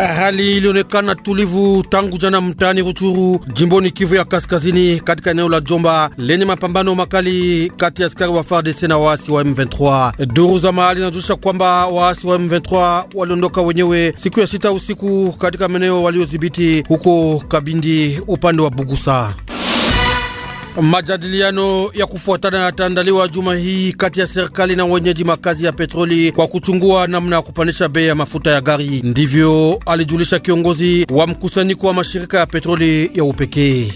Eh, hali ilionekana tulivu tangu jana mtaani Ruchuru, jimboni Kivu ya Kaskazini, katika eneo la Jomba lenye mapambano makali kati ya askari wa FARDC na waasi wa M23. Duru za mahali zinajusha kwamba waasi wa M23 waliondoka wenyewe siku ya sita usiku katika maeneo waliodhibiti huko Kabindi, upande wa Bugusa. Majadiliano ya kufuatana yataandaliwa juma hii kati ya serikali na wenyeji makazi ya petroli kwa kuchungua namna ya kupandisha bei ya mafuta ya gari. Ndivyo alijulisha kiongozi wa mkusanyiko wa mashirika ya petroli ya upekee.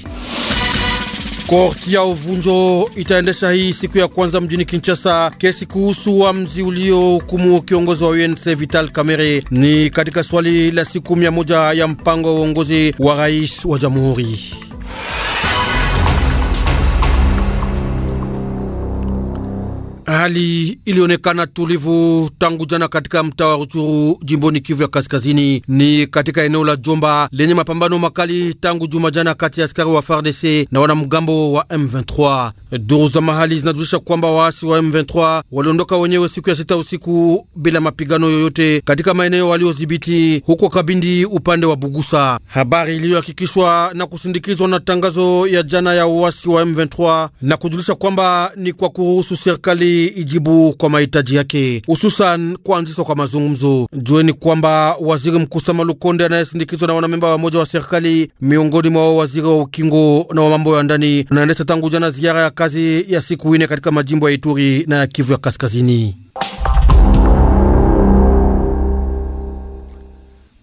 Korti ya uvunjo itaendesha hii siku ya kwanza mjini Kinshasa kesi kuhusu uamuzi uliohukumu kiongozi wa UNC Vital Kamerhe ni katika swali la siku mia moja ya mpango wa uongozi wa rais wa jamhuri. Hali ilionekana tulivu tangu jana katika mtaa wa Ruchuru jimboni Kivu ya Kaskazini, ni katika eneo la Jomba lenye mapambano makali tangu juma jana kati ya askari wa FARDC na wanamgambo wa M23. Duru za mahali zinajulisha kwamba waasi wa M23 waliondoka wenyewe siku ya sita usiku bila mapigano yoyote katika maeneo waliodhibiti huko Kabindi upande wa Bugusa, habari iliyohakikishwa na kusindikizwa na tangazo ya jana ya uasi wa M23 na kujulisha kwamba ni kwa kuruhusu serikali ijibu kwa mahitaji yake, hususan kuanzishwa kwa mazungumzo. Jueni kwamba waziri mkuu Sama Lukonde anayesindikizwa na wanamemba moja wa serikali, miongoni mwao waziri wa ukingo na wa mambo ya ndani, anaendesha tangu jana ziara ya kazi ya siku ine katika majimbo ya Ituri na ya Kivu ya kaskazini.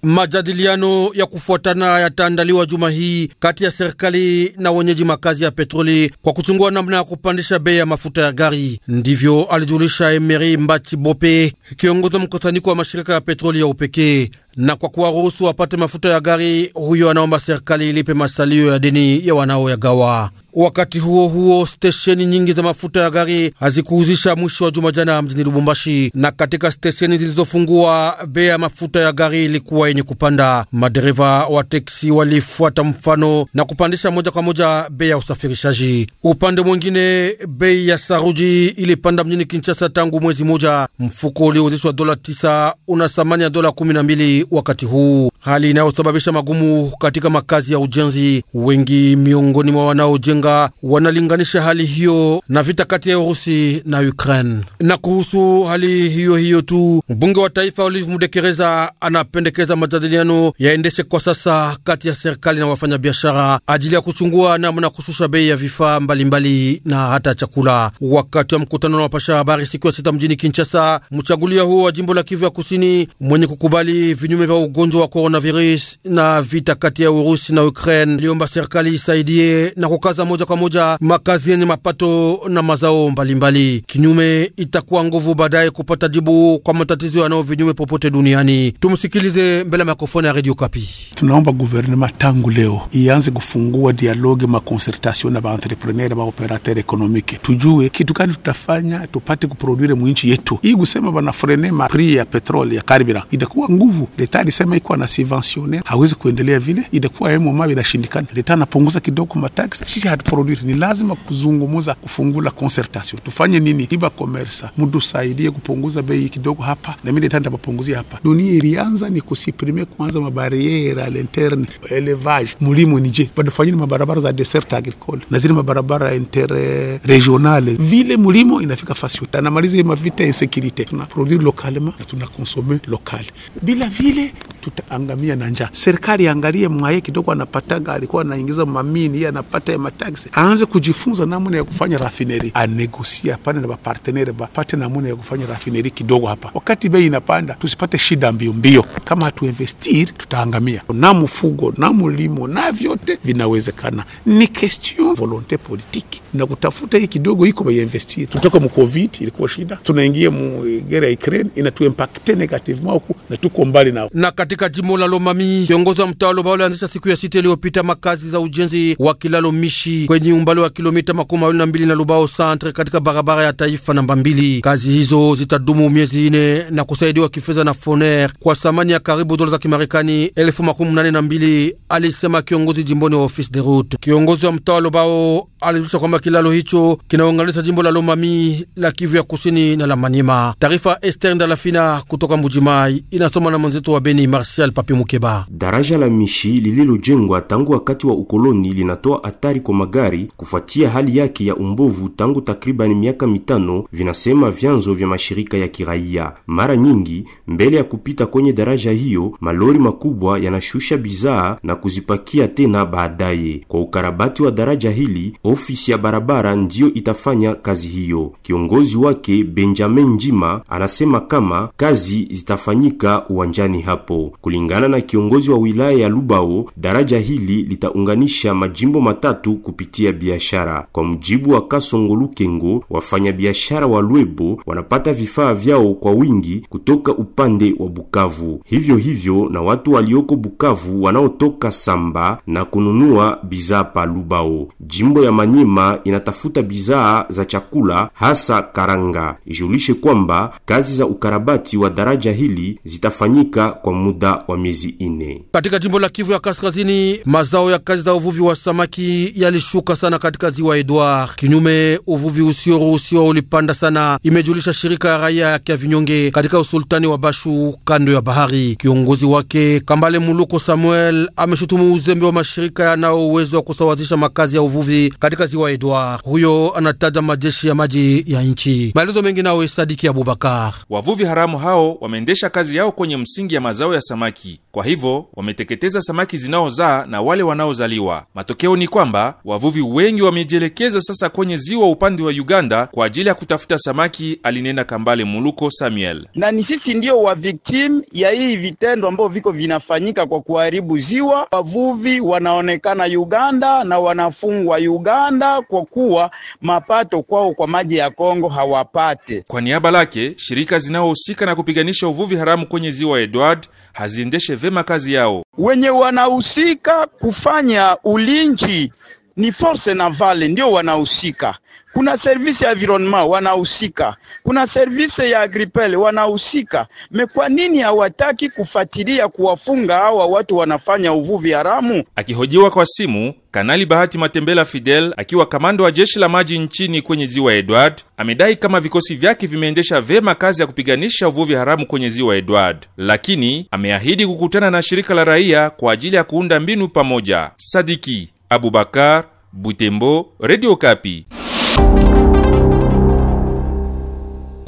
Majadiliano ya kufuatana yataandaliwa juma hii kati ya serikali na wenyeji makazi ya petroli kwa kuchungua namna ya kupandisha bei ya mafuta ya gari. Ndivyo alijulisha Emery Mbachi Bope, kiongozi mkusanyiko wa mashirika ya petroli ya upekee na kwa kuwaruhusu wapate mafuta ya gari. Huyo anaomba serikali ilipe masalio ya deni ya wanaoyagawa. Wakati huo huo, stesheni nyingi za mafuta ya gari hazikuuzisha mwisho wa juma jana mjini Lubumbashi, na katika stesheni zilizofungua bei ya mafuta ya gari ilikuwa yenye kupanda. Madereva wa teksi walifuata mfano na kupandisha moja kwa moja bei ya usafirishaji. Upande mwingine, bei ya saruji ilipanda mjini Kinshasa tangu mwezi moja. Mfuko uliouzishwa dola tisa una thamani ya dola kumi na mbili wakati huu hali inayosababisha magumu katika makazi ya ujenzi. Wengi miongoni mwa wanaojenga wanalinganisha hali hiyo na vita kati ya Urusi na Ukraine. Na kuhusu hali hiyo hiyo tu, mbunge wa taifa Olive Mudekereza anapendekeza majadiliano yaendeshe kwa sasa kati ya serikali na wafanyabiashara ajili ya kuchungua namna kushusha bei ya vifaa mbalimbali na hata chakula. Wakati wa mkutano na wapasha habari siku ya sita mjini Kinshasa, mchagulia huo wa jimbo la Kivu ya Kusini mwenye kukubali vinyume vya ugonjwa wa coronavirus na vita kati ya Urusi na Ukraine liomba serikali isaidie na kukaza moja kwa moja makazi yenye mapato na mazao mbalimbali. Kinyume itakuwa nguvu baadaye kupata jibu kwa matatizo yanayo vinyume popote duniani. Tumsikilize mbele ya mikrofoni ya Radio Kapi tunaomba guvernema tangu leo ianze kufungua dialogue makonsertation na baentrepreneur baoperateur ekonomike, tujue kitu gani tutafanya tupate kuprodwire mwinchi yetu. Hii kusema banafrene mapri ya petrole ya karibira itakuwa nguvu. Leta alisema ikuwa na subventionnaire hawezi kuendelea vile, itakuwa yemo mawe inashindikana. Leta anapunguza kidogo matax, sisi hatuprodwire. Ni lazima kuzungumuza kufungula concertation, tufanye nini? Iba komersa mutusaidie kupunguza bei kidogo hapa, nami leta nitapapunguzia hapa. Dunia ilianza ni kusiprime kwanza mabariera à l'interne, élevage, mulimo nije panafanyini mabarabara za desert agricole na zile mabarabara interregionale vile mulimo inafika fasi yote, anamaliza mavita insécurité Tuna produire localement na tuna consommer local bila vile tutaangamia na njaa. Serikali angalie mwaye kidogo anapataga, alikuwa anaingiza mamini, yeye anapata ya mataxi, aanze kujifunza namna ya kufanya rafineri, anegosia pale na ba partenaire ba pate namna ya kufanya rafineri kidogo hapa, wakati bei inapanda tusipate shida mbio mbio. Kama hatu investir tutaangamia na mfugo na mlimo na vyote vinawezekana, ni question volonte politique na kutafuta. Hii kidogo iko bainvestir, tutoka mu covid ilikuwa shida, tunaingia mu eh, gere ya Ukraine inatuimpacte negativement huku na tuko mbali nao. Na katika jimbo la Lomami, kiongozi wa mtaa Loba alianzisha siku ya sita iliyopita makazi za ujenzi wa kilalo Mishi kwenye umbali wa kilomita makumi mawili na mbili na Lubao centre katika barabara ya taifa namba mbili. Kazi hizo zitadumu miezi ine na kusaidiwa kifedha na Foner kwa thamani ya karibu dola za Kimarekani elfu makumi mbili, alisema kiongozi jimboni wa ofisi de route. Kiongozi wa mtaa wa Lobao alijulisha kwamba kilalo hicho kinaunganisha jimbo la Lomami la Kivu ya kusini na la Maniema. Taarifa Ester Ndalafina kutoka Mbujimai inasoma na mwenzetu wa Beni Martial Papi Mukeba. Daraja la Mishi lililojengwa tangu wakati wa ukoloni linatoa hatari kwa magari kufuatia hali yake ya umbovu tangu takribani miaka mitano, vinasema vyanzo vya mashirika ya kiraia. Mara nyingi mbele ya kupita kwenye daraja hiyo malori makubwa yanashu kushusha bidhaa na kuzipakia tena baadaye. Kwa ukarabati wa daraja hili, ofisi ya barabara ndiyo itafanya kazi hiyo. Kiongozi wake Benjamin Njima anasema kama kazi zitafanyika uwanjani hapo. Kulingana na kiongozi wa wilaya ya Lubao, daraja hili litaunganisha majimbo matatu kupitia biashara. Kwa mujibu wa Kasongo Lukengo, wafanyabiashara wa Lwebo wanapata vifaa vyao kwa wingi kutoka upande wa Bukavu, hivyo hivyo na watu walioko Bukavu Bukavu wanaotoka Samba na kununua bidhaa pa Lubao. Jimbo ya Manyema inatafuta bidhaa za chakula hasa karanga. Ijulishe kwamba kazi za ukarabati wa daraja hili zitafanyika kwa muda wa miezi ine. Katika jimbo la Kivu ya Kaskazini, mazao ya kazi za uvuvi wa samaki yalishuka sana katika ziwa Edward. Kinyume, uvuvi usioruhusiwa ulipanda sana, imejulisha shirika ya raia ya Kiavinyonge katika usultani wa Bashu kando ya bahari. Kiongozi wake Kambale Muluku Maboko Samuel ameshutumu uzembe wa mashirika yanao uwezo wa kusawazisha makazi ya uvuvi katika ziwa Edward. Huyo anataja majeshi ya maji ya nchi. Maelezo mengi nao Sadiki Abubakar. Wavuvi haramu hao wameendesha kazi yao kwenye msingi ya mazao ya samaki, kwa hivyo wameteketeza samaki zinaozaa na wale wanaozaliwa. Matokeo ni kwamba wavuvi wengi wamejielekeza sasa kwenye ziwa upande wa Uganda kwa ajili ya kutafuta samaki, alinena Kambale Muluko Samuel. Na ni sisi ndio wa victim ya hii vitendo ambao viko vinafanyika kwa kwa kuharibu ziwa. Wavuvi wanaonekana Uganda na wanafungwa Uganda kwa kuwa mapato kwao kwa maji ya Kongo hawapate. Kwa niaba lake, shirika zinazohusika na kupiganisha uvuvi haramu kwenye ziwa Edward haziendeshe vema kazi yao, wenye wanahusika kufanya ulinzi ni force navale ndio wanahusika, kuna service ya environnement wanahusika, kuna service ya agripel wanahusika. Me, kwa nini hawataki kufuatilia kuwafunga hawa watu wanafanya uvuvi haramu? Akihojiwa kwa simu, Kanali Bahati Matembela Fidel akiwa kamanda wa jeshi la maji nchini kwenye ziwa Edward amedai kama vikosi vyake vimeendesha vema kazi ya kupiganisha uvuvi haramu kwenye ziwa Edward, lakini ameahidi kukutana na shirika la raia kwa ajili ya kuunda mbinu pamoja. Sadiki Bakar, Boutembo, Radio Kapi.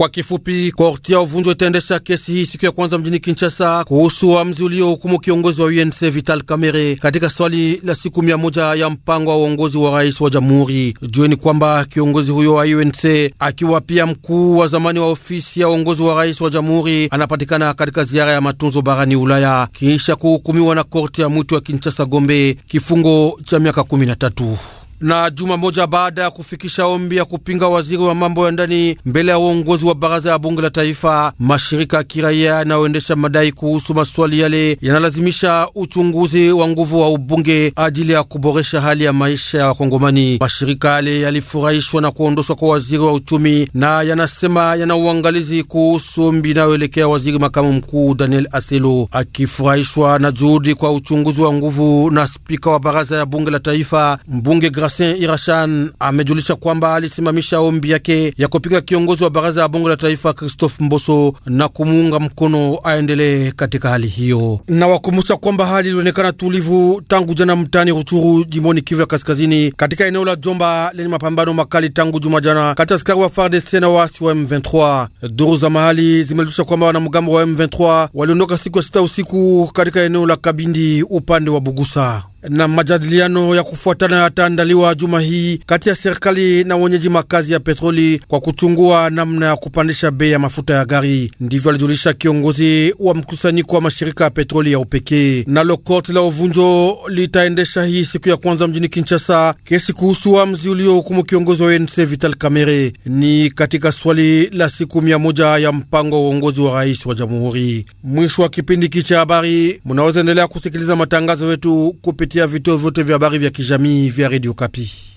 Kwa kifupi, korti ya uvunjo itaendesha kesi hii siku ya kwanza mjini Kinshasa kuhusu uamuzi uliohukumu kiongozi wa UNC Vital Kamerhe katika swali la siku mia moja ya mpango wa uongozi wa rais wa jamhuri. Jueni kwamba kiongozi huyo wa UNC akiwa pia mkuu wa zamani wa ofisi ya uongozi wa rais wa jamhuri anapatikana katika ziara ya matunzo barani Ulaya kisha kuhukumiwa na korti ya mwito ya Kinshasa Gombe kifungo cha miaka 13 na juma moja baada ya kufikisha ombi ya kupinga waziri wa mambo ya ndani mbele ya uongozi wa baraza ya bunge la taifa, mashirika ya kiraia yanayoendesha madai kuhusu maswali yale yanalazimisha uchunguzi wa nguvu wa ubunge ajili ya kuboresha hali ya maisha ya Wakongomani. Mashirika yale yalifurahishwa na kuondoshwa kwa waziri wa uchumi na yanasema yana uangalizi kuhusu ombi inayoelekea waziri makamu mkuu Daniel Aselo, akifurahishwa na juhudi kwa uchunguzi wa nguvu na spika wa baraza ya bunge la taifa mbunge Gras Marcin Irashan amejulisha kwamba alisimamisha ombi yake ya kupinga kiongozi wa baraza ya bunge la taifa Christophe Mboso na kumuunga mkono aendelee katika hali hiyo. Na wakumbusha kwamba hali ilionekana tulivu tangu jana mtani Ruchuru, jimboni Kivu ya kaskazini, katika eneo la Jomba lenye mapambano makali tangu juma jana kati askari wa FARDC na waasi wa M23. Duru za mahali zimejulisha kwamba wanamgambo wa M23 waliondoka siku ya sita usiku katika eneo la Kabindi upande wa Bugusa na majadiliano ya kufuatana yataandaliwa juma hii kati ya serikali na wenyeji makazi ya petroli kwa kuchungua namna ya kupandisha bei ya mafuta ya gari. Ndivyo alijulisha kiongozi wa mkusanyiko wa mashirika ya petroli ya upekee. Nalo koti la uvunjo litaendesha hii siku ya kwanza mjini Kinshasa kesi kuhusu uamuzi uliohukumu kiongozi wa UNC Vital Kamerhe ni katika swali la siku mia moja ya mpango wa uongozi wa rais wa jamhuri. Mwisho wa kipindi hiki cha habari, munaweza endelea kusikiliza matangazo yetu kupita kupitia vituo vyote vya habari vya kijamii vya Radio Kapi.